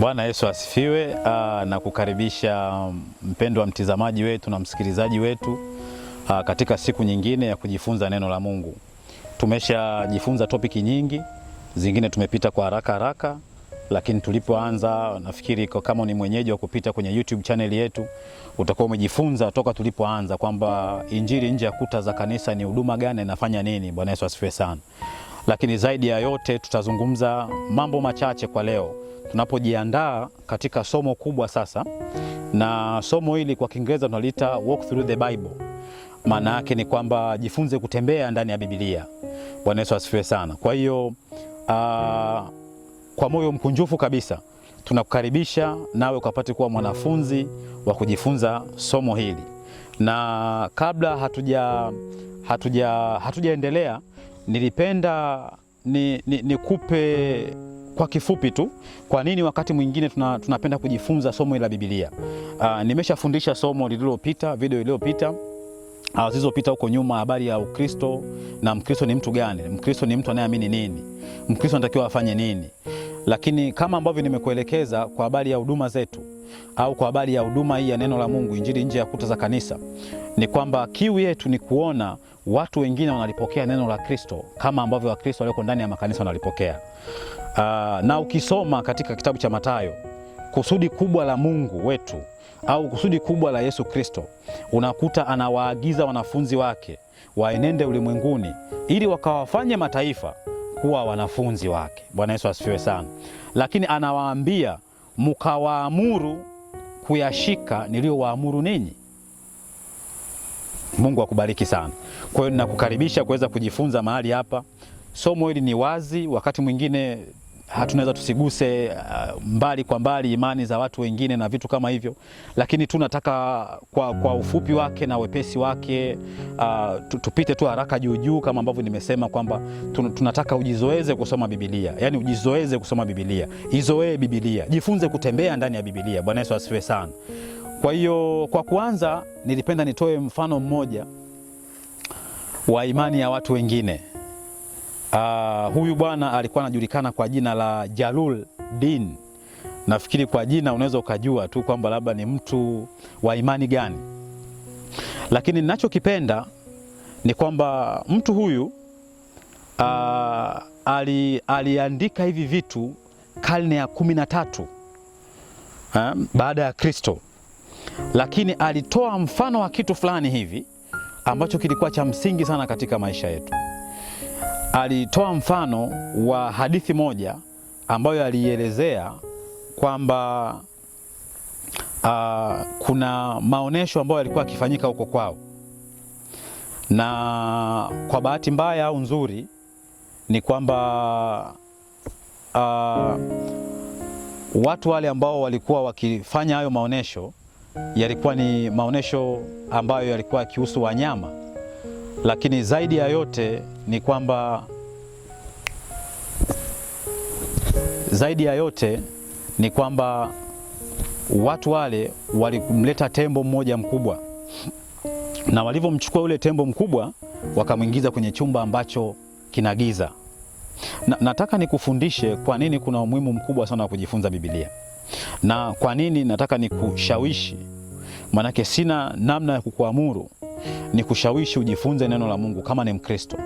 Bwana Yesu asifiwe. Aa, ah, na kukaribisha um, mpendwa mtizamaji wetu na msikilizaji wetu aa, ah, katika siku nyingine ya kujifunza neno la Mungu. Tumeshajifunza topiki nyingi, zingine tumepita kwa haraka haraka, lakini tulipoanza, nafikiri kama ni mwenyeji wa kupita kwenye YouTube channel yetu utakuwa umejifunza toka tulipoanza kwamba injili nje ya kuta za kanisa ni huduma gani, inafanya nini. Bwana Yesu asifiwe sana lakini zaidi ya yote tutazungumza mambo machache kwa leo tunapojiandaa katika somo kubwa sasa, na somo hili kwa Kiingereza tunaliita walk through the Bible. Maana yake ni kwamba jifunze kutembea ndani ya bibilia Bwana Yesu asifiwe sana. Kwa hiyo uh, kwa moyo mkunjufu kabisa tunakukaribisha nawe ukapate kuwa mwanafunzi wa kujifunza somo hili, na kabla hatuja hatuja hatujaendelea nilipenda nikupe ni, ni kwa kifupi tu kwa nini wakati mwingine tuna, tunapenda kujifunza somo la Biblia. Uh, nimeshafundisha somo lililopita, video iliyopita ah, zilizopita huko nyuma, habari ya Ukristo na Mkristo ni mtu gani, Mkristo ni mtu anayeamini nini, Mkristo anatakiwa afanye nini. Lakini kama ambavyo nimekuelekeza kwa habari ya huduma zetu au kwa habari ya huduma hii ya neno la Mungu, injili nje ya kuta za kanisa, ni kwamba kiu yetu ni kuona watu wengine wanalipokea neno la Kristo kama ambavyo Wakristo walioko ndani ya makanisa wanalipokea. Uh, na ukisoma katika kitabu cha Mathayo, kusudi kubwa la Mungu wetu au kusudi kubwa la Yesu Kristo, unakuta anawaagiza wanafunzi wake waenende ulimwenguni ili wakawafanye mataifa kuwa wanafunzi wake. Bwana Yesu asifiwe sana. Lakini anawaambia mkawaamuru kuyashika niliyowaamuru ninyi. Mungu akubariki sana. Kwa hiyo ninakukaribisha kuweza kujifunza mahali hapa. Somo hili ni wazi, wakati mwingine hatunaweza tusiguse uh, mbali kwa mbali imani za watu wengine na vitu kama hivyo, lakini tu nataka kwa, kwa ufupi wake na wepesi wake uh, tupite tu haraka juu juu, kama ambavyo nimesema kwamba tunataka ujizoeze kusoma Biblia, yani ujizoeze kusoma Biblia, izoee Biblia, jifunze kutembea ndani ya Biblia. Bwana Yesu asifiwe sana. Kwa hiyo kwa kuanza, nilipenda nitoe mfano mmoja wa imani ya watu wengine. Uh, huyu bwana alikuwa anajulikana kwa jina la Jalul Din. Nafikiri kwa jina unaweza ukajua tu kwamba labda ni mtu wa imani gani, lakini ninachokipenda ni kwamba mtu huyu uh, ali, aliandika hivi vitu karne ya kumi na tatu uh, baada ya Kristo lakini alitoa mfano wa kitu fulani hivi ambacho kilikuwa cha msingi sana katika maisha yetu. Alitoa mfano wa hadithi moja ambayo alielezea kwamba uh, kuna maonesho ambayo yalikuwa yakifanyika huko kwao, na kwa bahati mbaya au nzuri ni kwamba uh, watu wale ambao walikuwa wakifanya hayo maonesho yalikuwa ni maonyesho ambayo yalikuwa yakihusu wanyama, lakini zaidi ya yote ni kwamba zaidi ya yote ni kwamba watu wale walimleta tembo mmoja mkubwa, na walivyomchukua yule tembo mkubwa wakamwingiza kwenye chumba ambacho kina giza. Na, nataka nikufundishe kwa nini kuna umuhimu mkubwa sana wa kujifunza Biblia. Na kwa nini nataka nikushawishi? Manake sina namna ya kukuamuru, ni kushawishi ujifunze neno la Mungu kama ni Mkristo,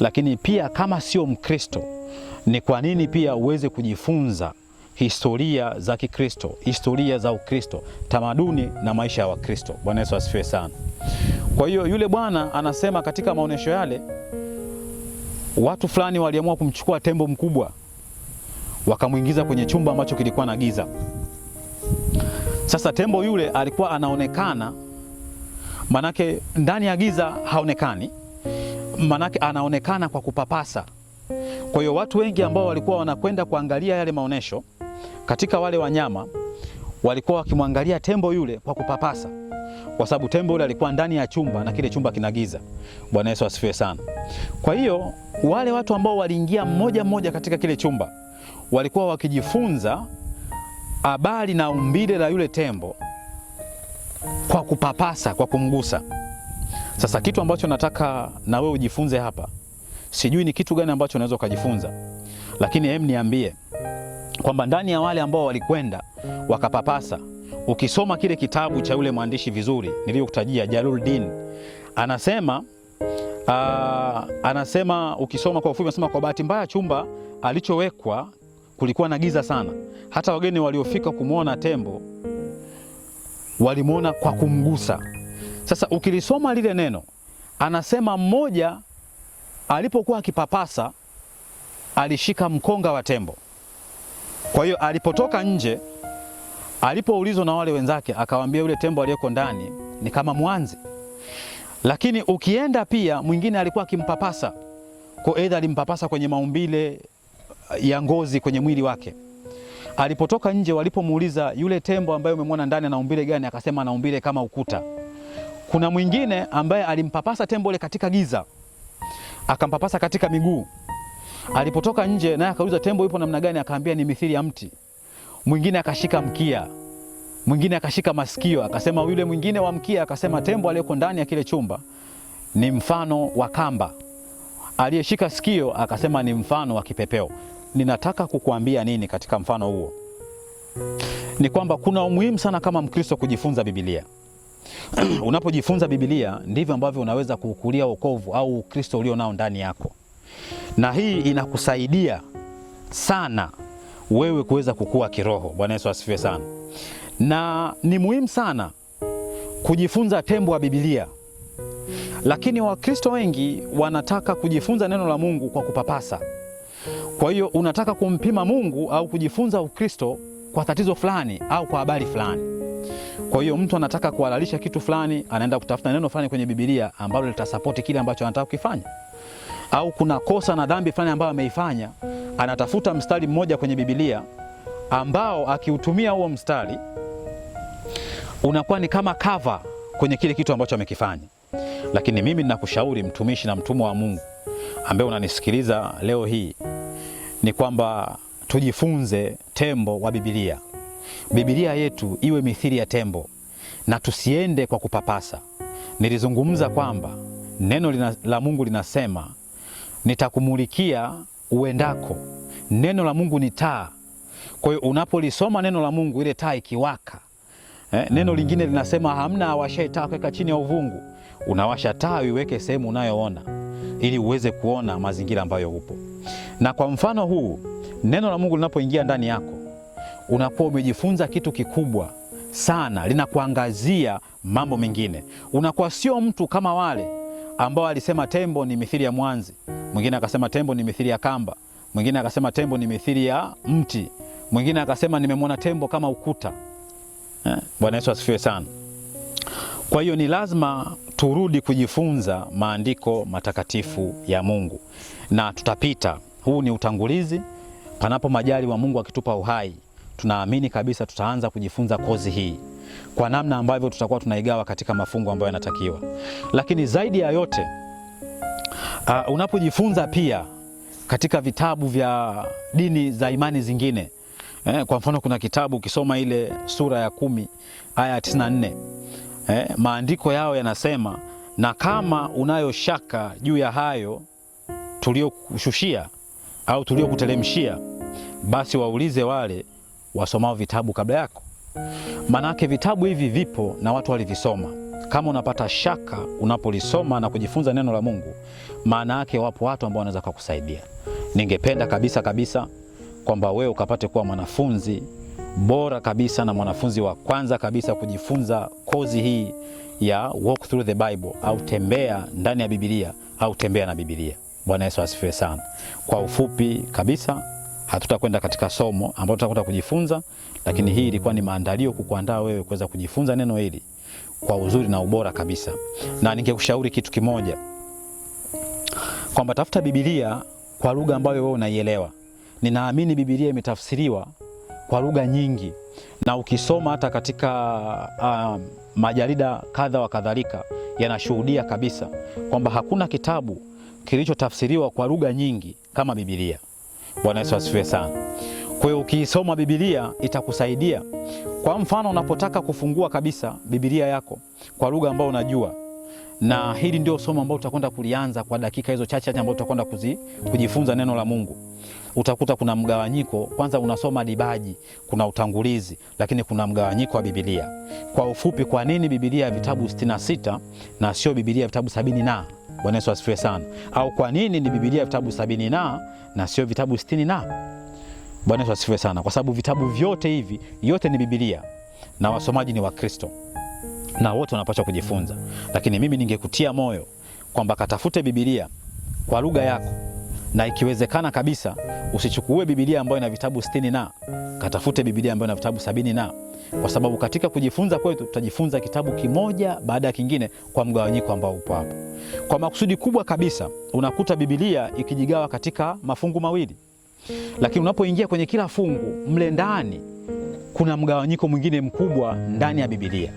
lakini pia kama sio Mkristo, ni kwa nini pia uweze kujifunza historia za Kikristo, historia za Ukristo, tamaduni na maisha ya Wakristo. Bwana Yesu asifiwe sana. Kwa hiyo yule bwana anasema katika maonyesho yale, watu fulani waliamua kumchukua tembo mkubwa, wakamwingiza kwenye chumba ambacho kilikuwa na giza. Sasa tembo yule alikuwa anaonekana, manake ndani ya giza haonekani, manake anaonekana kwa kupapasa. Kwa hiyo watu wengi ambao walikuwa wanakwenda kuangalia yale maonesho katika wale wanyama walikuwa wakimwangalia tembo yule kwa kupapasa, kwa sababu tembo yule alikuwa ndani ya chumba na kile chumba kina giza. Bwana Yesu asifiwe sana. Kwa hiyo wale watu ambao waliingia mmoja mmoja katika kile chumba walikuwa wakijifunza habari na umbile la yule tembo kwa kupapasa, kwa kumgusa. Sasa kitu ambacho nataka na wewe ujifunze hapa, sijui ni kitu gani ambacho unaweza ukajifunza, lakini hem, niambie kwamba ndani ya wale ambao walikwenda wakapapasa, ukisoma kile kitabu cha yule mwandishi vizuri niliyokutajia Jalaluddin, anasema aa, anasema ukisoma kwa ufupi, anasema kwa bahati mbaya chumba alichowekwa kulikuwa na giza sana. Hata wageni waliofika kumwona tembo walimwona kwa kumgusa. Sasa ukilisoma lile neno, anasema mmoja alipokuwa akipapasa alishika mkonga wa tembo. Kwa hiyo alipotoka nje, alipoulizwa na wale wenzake, akawaambia yule tembo aliyeko ndani ni kama mwanzi. Lakini ukienda pia, mwingine alikuwa akimpapasa kwa, edha, alimpapasa kwenye maumbile Uh, ya ngozi kwenye mwili wake. Alipotoka nje, walipomuuliza yule tembo ambaye umemwona ndani ana umbile gani, akasema ana umbile kama ukuta. Kuna mwingine ambaye alimpapasa tembo ile katika giza, akampapasa katika miguu. Alipotoka nje, naye akauliza tembo yupo namna gani, akaambia ni mithili ya mti. Mwingine akashika mkia, mwingine akashika masikio, akasema yule mwingine wa mkia akasema tembo aliyeko ndani ya kile chumba ni mfano wa kamba, aliyeshika sikio akasema ni mfano wa kipepeo ninataka kukuambia nini katika mfano huo ni kwamba kuna umuhimu sana kama Mkristo kujifunza bibilia Unapojifunza bibilia ndivyo ambavyo unaweza kuukulia wokovu au Ukristo ulio nao ndani yako, na hii inakusaidia sana wewe kuweza kukua kiroho. Bwana Yesu asifiwe sana. Na ni muhimu sana kujifunza tembo wa bibilia lakini Wakristo wengi wanataka kujifunza neno la Mungu kwa kupapasa kwa hiyo unataka kumpima Mungu au kujifunza Ukristo kwa tatizo fulani au kwa habari fulani. Kwa hiyo mtu anataka kuhalalisha kitu fulani, anaenda kutafuta neno fulani kwenye Biblia ambalo litasapoti kile ambacho anataka kukifanya, au kuna kosa na dhambi fulani ambayo ameifanya, anatafuta mstari mmoja kwenye Biblia ambao akiutumia huo mstari unakuwa ni kama cover kwenye kile kitu ambacho amekifanya. Lakini mimi ninakushauri mtumishi na mtumwa wa Mungu ambaye unanisikiliza leo hii ni kwamba tujifunze tembo wa Biblia, Biblia yetu iwe mithili ya tembo na tusiende kwa kupapasa. Nilizungumza kwamba neno lina, la Mungu linasema nitakumulikia uendako. Neno la Mungu ni taa. Kwa hiyo unapolisoma neno la Mungu, ile taa ikiwaka eh, neno lingine linasema hamna awashaye taa kuweka chini ya uvungu. Unawasha taa uiweke sehemu unayoona ili uweze kuona mazingira ambayo upo. Na kwa mfano huu, neno la Mungu linapoingia ndani yako, unakuwa umejifunza kitu kikubwa sana, linakuangazia mambo mengine. Unakuwa sio mtu kama wale ambao alisema tembo ni mithili ya mwanzi, mwingine akasema tembo ni mithili ya kamba, mwingine akasema tembo ni mithili ya mti, mwingine akasema nimemwona tembo kama ukuta. Eh, Bwana Yesu asifiwe sana. Kwa hiyo ni lazima turudi kujifunza maandiko matakatifu ya Mungu na tutapita. Huu ni utangulizi. Panapo majali wa Mungu akitupa uhai, tunaamini kabisa tutaanza kujifunza kozi hii kwa namna ambavyo tutakuwa tunaigawa katika mafungu ambayo yanatakiwa. Lakini zaidi ya yote uh, unapojifunza pia katika vitabu vya dini za imani zingine eh, kwa mfano kuna kitabu ukisoma ile sura ya kumi aya ya 94 eh, maandiko yao yanasema, na kama unayo shaka juu ya hayo tuliyokushushia au tuliyokuteremshia, basi waulize wale wasomao vitabu kabla yako. Manake vitabu hivi vipo na watu walivisoma. Kama unapata shaka unapolisoma na kujifunza neno la Mungu, maana yake wapo watu ambao wanaweza kukusaidia. Ningependa kabisa kabisa kwamba wewe ukapate kuwa mwanafunzi bora kabisa na mwanafunzi wa kwanza kabisa kujifunza kozi hii ya Walk Through the Bible au tembea ndani ya Biblia au tembea na Biblia. Bwana Yesu asifiwe sana. Kwa ufupi kabisa, hatutakwenda katika somo ambalo tutakwenda kujifunza, lakini hii ilikuwa ni maandalio kukuandaa wewe kuweza kujifunza neno hili kwa uzuri na ubora kabisa, na ningekushauri kitu kimoja kwamba tafuta Biblia kwa lugha ambayo wewe unaielewa. Ninaamini Biblia imetafsiriwa kwa lugha nyingi, na ukisoma hata katika uh, majarida kadha wa kadhalika yanashuhudia kabisa kwamba hakuna kitabu kilichotafsiriwa kwa lugha nyingi kama Biblia. Bwana Yesu asifiwe sana. Kwa hiyo ukiisoma Biblia itakusaidia. Kwa mfano, unapotaka kufungua kabisa Biblia yako kwa lugha ambayo unajua na hili ndio somo ambalo tutakwenda kulianza kwa dakika hizo chache ambazo tutakwenda kujifunza neno la Mungu. Utakuta kuna mgawanyiko, kwanza unasoma dibaji, kuna utangulizi, lakini kuna mgawanyiko wa Biblia. Kwa ufupi, kwa nini Biblia ya vitabu 66 na sio Biblia ya vitabu sabini na? Bwana Yesu asifiwe sana. Au kwa nini ni Biblia ya vitabu sabini na na sio vitabu 60 na? Bwana Yesu asifiwe sana, kwa sababu vitabu vyote hivi, yote ni Biblia na wasomaji ni Wakristo na wote wanapaswa kujifunza, lakini mimi ningekutia moyo kwamba katafute Biblia kwa lugha yako, na ikiwezekana kabisa usichukue Biblia ambayo ina vitabu sitini na katafute Biblia ambayo ina vitabu sabini na kwa sababu katika kujifunza kwetu tutajifunza kitabu kimoja baada ya kingine kwa mgawanyiko ambao upo hapo. Kwa makusudi kubwa kabisa, unakuta Biblia ikijigawa katika mafungu mawili, lakini unapoingia kwenye kila fungu mle ndani kuna mgawanyiko mwingine mkubwa ndani ya Biblia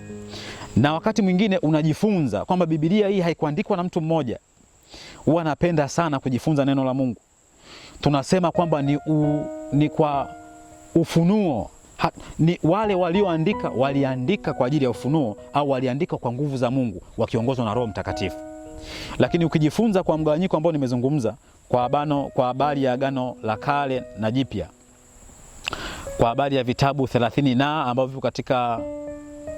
na wakati mwingine unajifunza kwamba Biblia hii haikuandikwa na mtu mmoja. Huwa napenda sana kujifunza neno la Mungu. Tunasema kwamba ni, u, ni kwa ufunuo ha, ni wale walioandika waliandika kwa ajili ya ufunuo au waliandika kwa nguvu za Mungu wakiongozwa na Roho Mtakatifu. Lakini ukijifunza kwa mgawanyiko ambao nimezungumza kwa abano, kwa habari ya Agano la Kale na Jipya, kwa habari ya vitabu 30 na ambavyo katika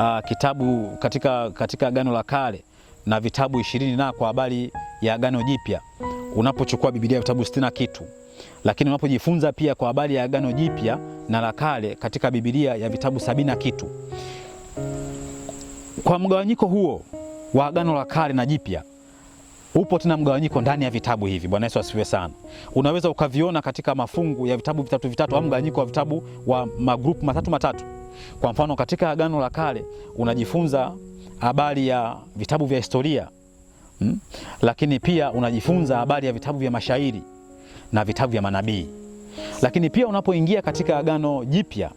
uh, kitabu katika, katika Agano la Kale na vitabu ishirini na kwa habari ya Agano Jipya, unapochukua Biblia vitabu sitini na kitu, lakini unapojifunza pia kwa habari ya Agano Jipya na la Kale katika Biblia ya vitabu sabini na kitu. Kwa mgawanyiko huo wa Agano la Kale na Jipya Upo tena mgawanyiko ndani ya vitabu hivi. Bwana Yesu asifiwe sana. Unaweza ukaviona katika mafungu ya vitabu vitatu vitatu au mgawanyiko wa vitabu wa magrupu matatu matatu. Kwa mfano, katika Agano la Kale unajifunza habari ya vitabu vya historia hmm, lakini pia unajifunza habari ya vitabu vya mashairi na vitabu vya manabii. Lakini pia unapoingia katika Agano Jipya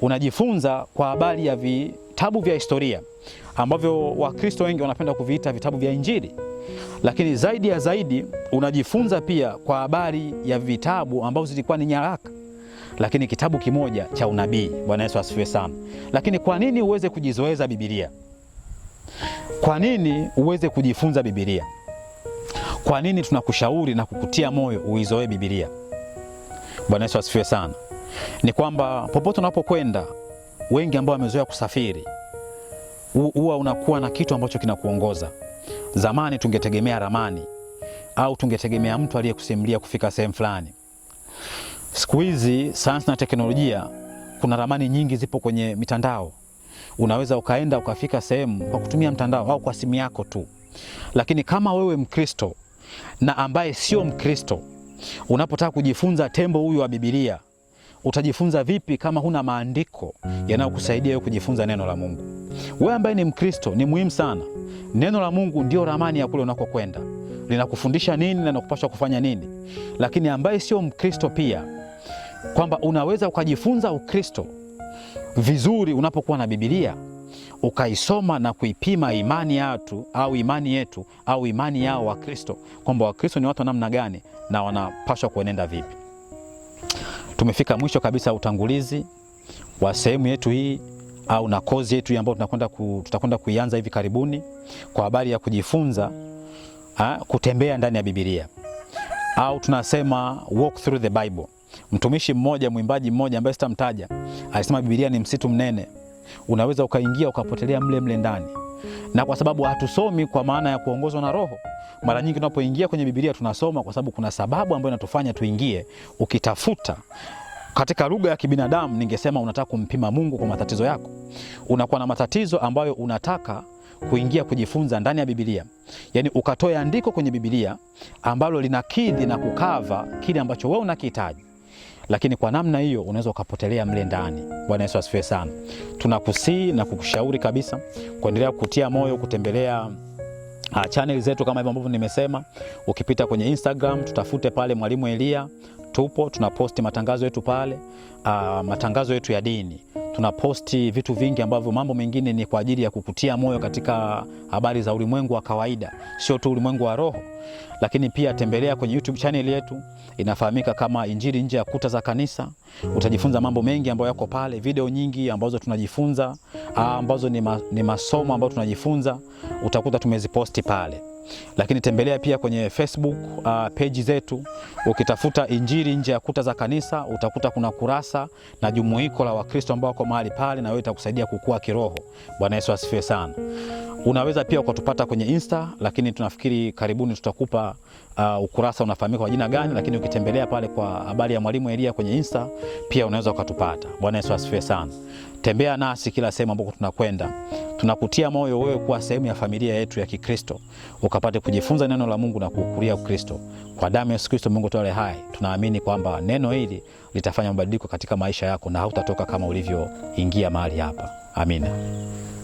unajifunza kwa habari ya vitabu vya historia ambavyo Wakristo wengi wanapenda kuviita vitabu vya Injili. Lakini zaidi ya zaidi unajifunza pia kwa habari ya vitabu ambavyo zilikuwa ni nyaraka, lakini kitabu kimoja cha unabii. Bwana Yesu asifiwe sana. Lakini kwa nini uweze kujizoeza Biblia? Kwa nini uweze kujifunza Biblia? Kwa nini tunakushauri na kukutia moyo uizoee Biblia? Bwana Yesu asifiwe sana. Ni kwamba popote unapokwenda, wengi ambao wamezoea kusafiri huwa unakuwa na kitu ambacho kinakuongoza Zamani tungetegemea ramani au tungetegemea mtu aliyekusimulia kufika sehemu fulani. Siku hizi sayansi na teknolojia, kuna ramani nyingi zipo kwenye mitandao. Unaweza ukaenda ukafika sehemu kwa kutumia mtandao au kwa simu yako tu. Lakini kama wewe Mkristo na ambaye sio Mkristo, unapotaka kujifunza tembo huyu wa Biblia utajifunza vipi kama huna maandiko yanayokusaidia wewe kujifunza neno la Mungu? Wewe ambaye ni Mkristo ni muhimu sana. Neno la Mungu ndio ramani ya kule unakokwenda, linakufundisha nini na linakupaswa kufanya nini. Lakini ambaye sio Mkristo pia, kwamba unaweza ukajifunza Ukristo vizuri unapokuwa na Biblia ukaisoma na kuipima imani yetu au imani yetu au imani yao Wakristo, kwamba Wakristo ni watu wa namna gani na wanapaswa kuenenda vipi. Tumefika mwisho kabisa utangulizi wa sehemu yetu hii au na kozi yetu hii ambayo tunakwenda ku, tutakwenda kuianza hivi karibuni kwa habari ya kujifunza ha, kutembea ndani ya Biblia au tunasema walk through the Bible. Mtumishi mmoja, mwimbaji mmoja ambaye sitamtaja, alisema Biblia ni msitu mnene, unaweza ukaingia ukapotelea mle mle ndani na kwa sababu hatusomi kwa maana ya kuongozwa na Roho. Mara nyingi tunapoingia kwenye Biblia tunasoma kwa sababu kuna sababu ambayo inatufanya tuingie. Ukitafuta katika lugha ya kibinadamu, ningesema unataka kumpima Mungu kwa matatizo yako. Unakuwa na matatizo ambayo unataka kuingia kujifunza ndani ya Biblia, yaani ukatoe andiko kwenye Biblia ambalo linakidhi na kukava kile ambacho wewe unakihitaji lakini kwa namna hiyo unaweza ukapotelea mle ndani. Bwana Yesu asifiwe sana. Tunakusii na kukushauri kabisa kuendelea kutia moyo kutembelea Uh, channel zetu kama hivyo ambavyo nimesema, ukipita kwenye Instagram tutafute pale Mwalimu Elia, tupo tunaposti matangazo yetu pale, uh, matangazo yetu ya dini tunaposti vitu vingi ambavyo mambo mengine ni kwa ajili ya kukutia moyo katika habari za ulimwengu wa kawaida, sio tu ulimwengu wa roho. Lakini pia tembelea kwenye YouTube channel yetu, inafahamika kama Injili Nje ya Kuta za Kanisa. Utajifunza mambo mengi ambayo yako pale, video nyingi ambazo tunajifunza, ah, ambazo ni, ma, ni masomo ambayo tunajifunza, utakuta tumeziposti pale. Lakini tembelea pia kwenye Facebook uh, page zetu. Ukitafuta Injili nje ya kuta za kanisa utakuta kuna kurasa na jumuiko la Wakristo ambao wako mahali pale, na wewe itakusaidia kukua kiroho. Bwana Yesu asifiwe sana. Unaweza pia ukatupata kwenye Insta, lakini tunafikiri karibuni tutakupa uh, ukurasa unafahamika kwa jina gani, lakini ukitembelea pale kwa habari ya Mwalimu Elia kwenye Insta pia unaweza ukatupata. Bwana Yesu asifiwe sana. Tembea nasi kila sehemu ambako tunakwenda. Tunakutia moyo wewe kuwa sehemu ya familia yetu ya Kikristo, ukapate kujifunza neno la Mungu na kukulia Ukristo. Kwa damu ya Yesu Kristo, Mungu tuale hai, tunaamini kwamba neno hili litafanya mabadiliko katika maisha yako na hautatoka kama ulivyoingia mahali hapa. Amina.